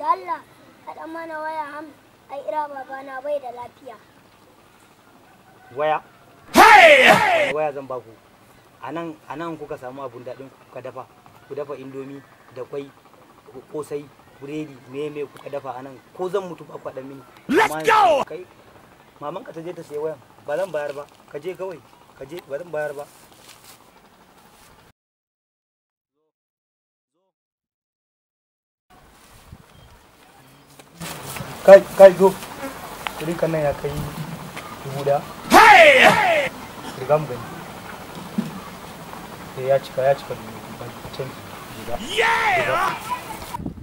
da Allah a mana waya ham a ira babana bai da lafiya waya waya zan baku a nan kuka samu abun daɗin kuka dafa ku dafa indomi da kwai kosai buredi me me kuka dafa a nan ko zan mutu ba ku mini let's go maman ka ta je ta sayi wayan ba zan bayar ba ka je kawai ka je ba zan bayar ba kai kai go kudin nan ya kai dubu da riga mu gani sai eh, ya cika ya cika canji riga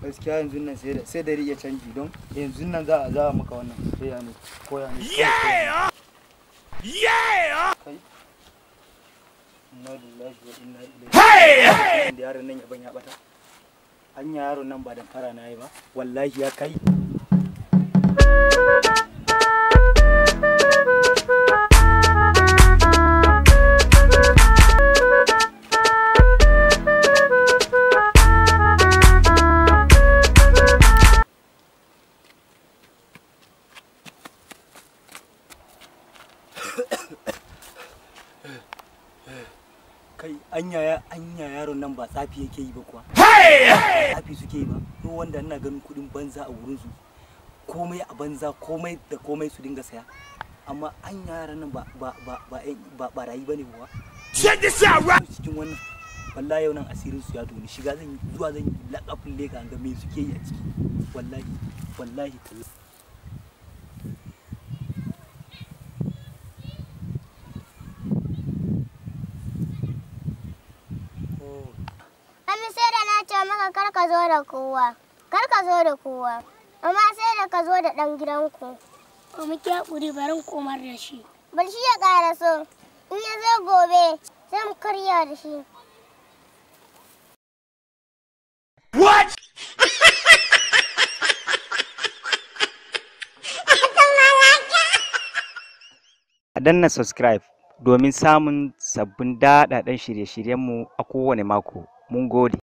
gaskiya yanzu nan sai da sai da riƙe canji don yanzu nan za a za a maka wannan sai ya ne ko ya ne kai inna lillahi wa inna ilaihi da yaron nan ya ban ya bata hanya yaron nan ba da fara na yi ba wallahi ya kai ba tsafi yake yi ba kuwa. Tsafi suke ba, ko wanda ina ganin kudin banza a wurin su komai a banza komai da komai su dinga saya amma an yara nan ba ba ba ba eh, ba rayi bane kuwa check this out cikin wannan wallahi yau nan asirin su ya doni shiga zan zuwa zan yi lakafin leka ga me suke yi a ciki wallahi wallahi Mami sai da na ce maka kar ka zo da kowa, kar ka zo da kowa. Amma sai da ka zo da ɗan gidanku. Ko muke haƙuri barin komar da shi. Bar shi ya ƙara so. In ya zo gobe sai mu karya da shi. What? A danna subscribe domin samun sabbin daɗaɗɗen shirye-shiryenmu a kowane mako. Mun gode.